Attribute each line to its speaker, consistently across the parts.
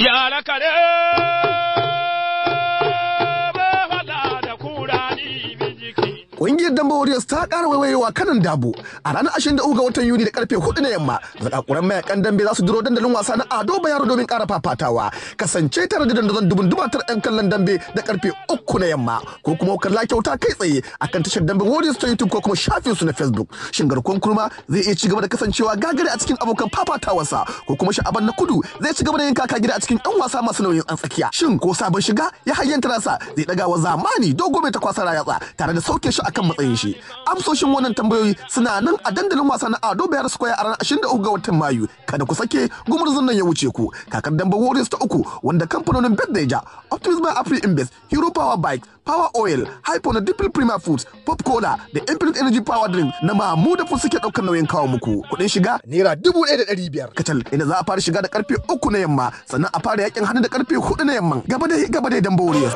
Speaker 1: يا لك ليه Ƙungiyar Damba Warriors ta ƙara waiwaiwa kanan dabo a ranar 23 ga watan Yuni da karfe 4 na yamma. Zakakuran mayakan dambe za su duro dandalin wasa na Ado Bayero domin ƙara fafatawa. Kasance tare da dandazon dubun dubatar 'yan kallon dambe da karfe 3 na yamma ko kuma kalla kyauta kai tsaye akan tashar dambe Warriors ta YouTube ko kuma shafin su na Facebook. Shin garkon kurma zai iya cigaba da kasancewa gagare a cikin abokan fafatawarsa ko kuma sha'aban na kudu zai cigaba da yin kaka gida a cikin 'yan wasa masu nauyin an tsakiya. Shin ko sabon shiga ya hayyanta nasa zai wa zamani dogo mai takwasa rayatsa tare da sauke shi akan matsayin shi amsoshin wannan tambayoyi suna nan a dandalin wasa na Ado Bayar Square a ranar 23 ga watan Mayu kada ku sake gumurzun nan ya wuce ku kakar Damba Warriors ta uku wanda kamfanonin Bet ja. Optimism africa Invest Hero Power Bike power oil, hypo na dipple prima foods, pop cola da infinite energy power drink na mamu da suke ɗaukar nauyin kawo muku. Kuɗin shiga naira dubu ɗaya da ɗari biyar. Kacal inda za a fara shiga da ƙarfe uku na yamma sannan a fara yakin hannu da ƙarfe hudu na yamma. Gaba dai gaba dai dan bauriya.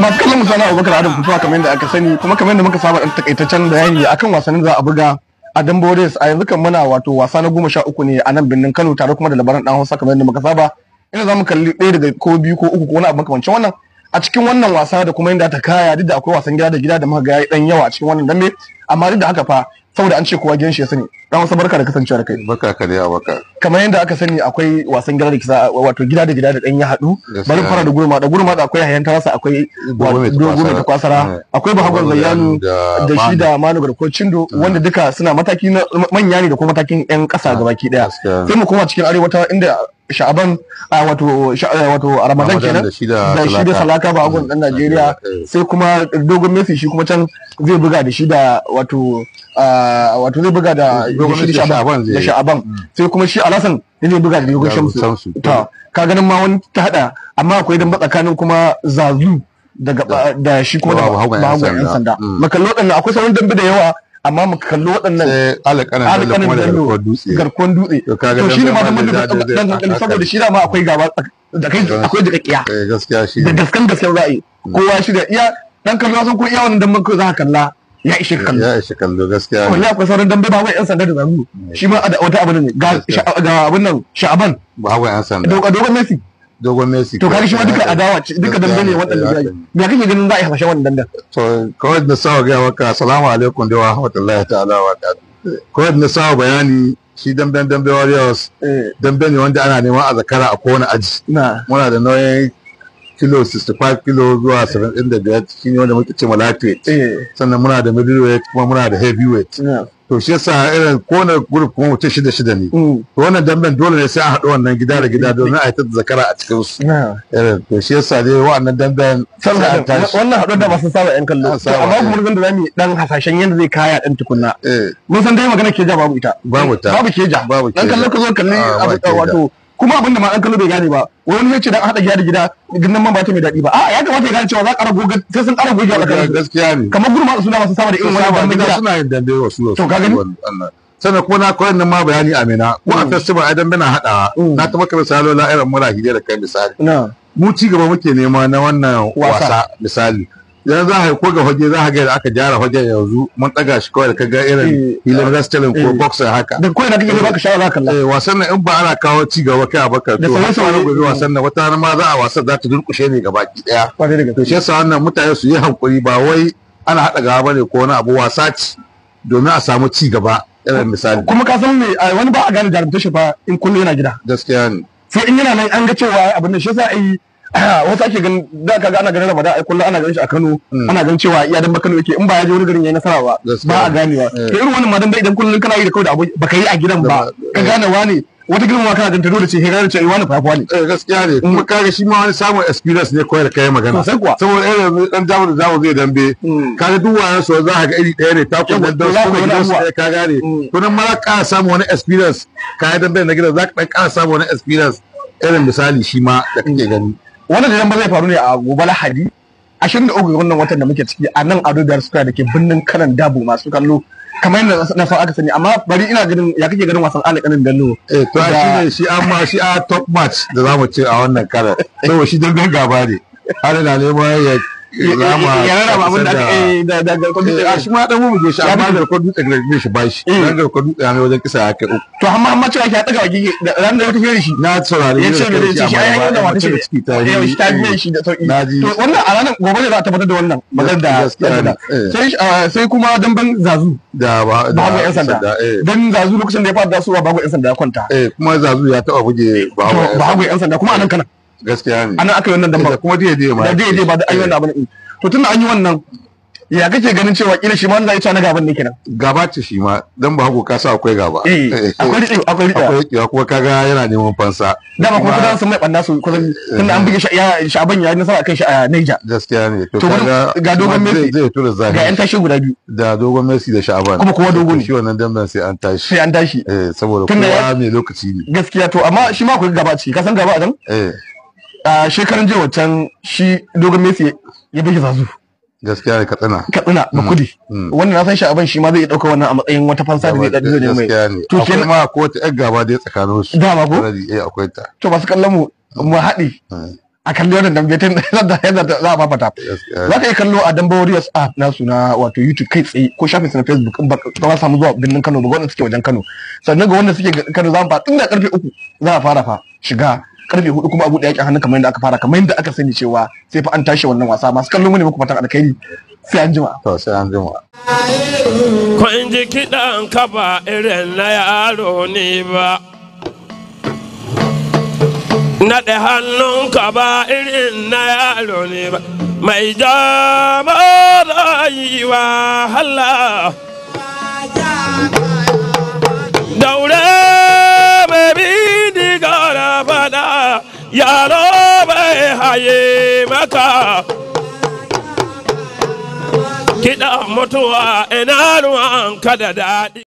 Speaker 1: Masu
Speaker 2: kallon musana Abubakar Adam Kutuwa kamar yadda aka sani kuma kamar yadda muka saba ɗan taƙaitaccen bayani akan wasannin za a buga a Dambores a yanzu kan muna wato wasa na goma sha uku ne a nan birnin Kano tare kuma da labaran ɗan Hausa kamar yadda muka saba. Ina za mu kalli ɗaya daga ko biyu ko uku ko wani abu makamancin wannan a cikin wannan wasa da kuma yadda ta kaya duk da akwai wasan gida da gida da muka ga yayi dan yawa a cikin wannan dambe amma duk da haka fa saboda an ce kowa gidan shi ya sani dan wasu barka da kasancewa da kai
Speaker 3: barka ka dai baka
Speaker 2: kamar yadda aka sani akwai wasan gida da kisa wato gida da gida da dan ya hadu bari fara da gurma da gurma da akwai hayan tarasa akwai gurma mai kwasara akwai bahagon zayyanu da shi da manu garko cindo mm. wanda duka suna mataki na manya ne da kuma matakin yan kasa ah, gabaki daya sai mu koma cikin arewa ta inda sha'aban a wato wato a ramadan kenan da shi da salaka ba agon dan najeriya sai kuma dogon messi shi kuma can zai buga da shi da wato wato zai buga da dogon sha'aban da aban sai kuma shi alasan ya ne buga da dogon shamsu ta ka ganin ma wani ta hada amma akwai dan tsakanin kuma zazu daga da shi kuma da hawa yan sanda makallo dan akwai sauran dambe da yawa amma mu kallo waɗannan
Speaker 3: alƙanan dallo garkuwan dutse dutse. to shi ne ma dambe da saboda shi da ma
Speaker 2: akwai gaba da kai akwai da kiya da gaskan gaskan ra'ayi kowa shi da iya dan kallo san ko iya wannan dambe ko za ka kalla ya ishe kallo
Speaker 3: ya ishe kallo gaskiya ne
Speaker 2: akwai sauran dambe ba wai yan sanda da zamu mm. shi ma a wata abin ne ga
Speaker 3: abun nan sha'aban ba wai yan sanda dogon messi dogon messi to kai shi ma duka adawa duka dambe ne waɗanda ya yi me kake ganin za a yi hasashen wannan dambe to kawai da sawa ga waka assalamu alaikum da wa rahmatullahi ta'ala wa kawai da sawa bayani shi damben dambe warriors eh. dambe ne wanda ana neman a zakara a kowane aji muna da nauyin kilo 65 kilo zuwa 75 shi ne wanda muke ce lightweight eh. sannan muna da middleweight kuma muna da heavyweight to shi yasa irin kone group kuma mutum shida shida ne mm. to wannan damben dole ne sai a haɗu wannan gida da gida domin a yi ta zakara a cikin su irin to shi yasa dai wannan damben
Speaker 2: wannan haɗu da masu saba yan kallo amma kuma
Speaker 3: eh. mun da zamu dan hasashen yanda zai kaya dan tukunna eh.
Speaker 2: mun san dai magana keja babu ita babu ta babu keja dan kallo ka zo kalli ah, wato kuma abin da ma dan kallo bai gane ba wani zai ce dan hada gida da gida ginnan man ba ta mai dadi ba a ya kamata ya gane cewa za ka goga
Speaker 3: sai sun ƙara goga gaskiya ne kamar gurma su da masu sama da irin wani gida suna yin dambe wasu to ka gani sannan kuma na koyar nan ma bayani a ko a mm. festival ai dan bana hadawa mm. na taɓa ka misalo la irin mura hijira da kai misali mu ci gaba muke nema na wannan wasa misali yanzu za a ko ga hoje za a ga da aka gyara hojen yanzu mun daga shi kawai ka ga irin hilar eh, eh, wrestling ko eh. boxer haka da kawai da kake baka shawara kan eh wasan nan in ba ana kawo ci gaba kai a baka to sai nan gobe wasan nan wata ma za a wasan za ta durkushe ne gaba ki daya to shi yasa wannan mutane su yi hankuri ba wai ana hada gaba bane ko wani abu wasa ci domin a samu ci gaba irin misali kuma ka san me wani ba a gane jarumta shi fa in kullu yana gida gaskiya ne
Speaker 2: sai in yana nan an ga cewa abin da shi yasa ai wasu ake ganin da ka ga ana ganin Ramadan ai kullum ana ganin shi a Kano hmm. ana ganin cewa iya dan Kano yake in ba ya je wani garin yayi nasara ba
Speaker 3: ba a ganewa hmm. irin wannan ma dan idan kullum kana yi da kawai da aboki baka yi a gidan ba ka gane wani wata girma kana dan dole ce hira da ce wani fafuwa ne eh gaskiya ne hmm. kuma kaga shi ma wani samun experience ne koyar kai magana saboda irin dan damu da zamu zai dambe kaga duk wayan so za ka ga iri ɗaya ne ta kun dan dan kuma gidan su ka gane to nan ma za ka samu wani experience kaga dan na gidan za ka dan ƙara samu wani experience irin misali shi ma da kake gani wannan idan ba zai faru ne a gobe lahadi da ga
Speaker 2: wannan watan da muke ciki a nan ado biyar suka da ke birnin kanan dabo masu kallo kamar yadda na san aka sani amma bari ina ganin ya kake ganin wasan ala kanin dallo eh to shi ne shi amma shi a
Speaker 3: top match da zamu ce a wannan kanan saboda shi dangan gaba ne har ne neman ya ya rarraba abin da aka a shi ma dutse shi bashi eh. dutse wajen kisa ya uku to
Speaker 2: da wata fere shi na da ta eh, yi ta eh. shi
Speaker 3: da a gobe a
Speaker 2: tabbatar da wannan da ah, sai kuma damban zazu
Speaker 3: da ba yan
Speaker 2: sanda dan zazu lokacin da ya fara dasuwa bago yan sanda ya kwanta kuma zazu ya taba buge bago yan sanda kuma anan kana gaskiya ne ana aka yi wannan kuma diya ba da ba da an yi eh. wannan abin to tunda an yi wannan ya kake ganin cewa kila shi ma wanda ya na gaban ne kenan
Speaker 3: gaba ce shi ma dan ba hako kasa akwai gaba eh, eh. akwai riƙi akwai riƙi akwai riƙi kuma kaga yana neman fansa da ba kuma kudan sun mai banna su kusan tunda an buge ya shaban ya nasara kan shi a Niger gaskiya ne to kaga ga dogon Messi zai tura zahiri ga yan tashi guda biyu da dogon Messi da Shaban kuma kowa dogon shi wannan ban sai an tashi sai an tashi eh saboda kowa mai lokaci ne gaskiya to amma shi ma akwai gaba ci
Speaker 2: ka san gaba a dan eh a shekaran jiya wancan shi dogon messi ya bi zazu
Speaker 3: gaskiya ne, katsina
Speaker 2: katsina da mm, kudi mm. wannan na san shi abin shi ma zai dauka wannan a matsayin wata fansa da zai dadi zai mai to akwai ma
Speaker 3: ko wata yar gaba da ya tsakanin su dama ko eh akwai ta
Speaker 2: to masu kallon mu mu haɗi eh. a kalli wannan dambe tun da yadda za a fafata za ka yi kallo a dambe warriors app nasu na wato youtube kai tsaye ko shafin na facebook ba ka samu zuwa birnin kano ba wannan suke wajen kano sannan ga wannan suke kano za mu fa tun da karfe uku za a fara fa shiga karfe hudu kuma abu da yakin hannu kamar yadda aka fara kamar yadda aka sani cewa sai fa an tashi wannan wasa masu kallon wani ne muku fatan alkhairi sai an jima to sai an jima ko in ji kidan ka ba irin na yaro ne ba naɗe hannun ka ba irin na yaro ne ba mai jama rayuwa hala daure yaro bai haye maka kiɗa mutuwa ina ruwan ka da daɗi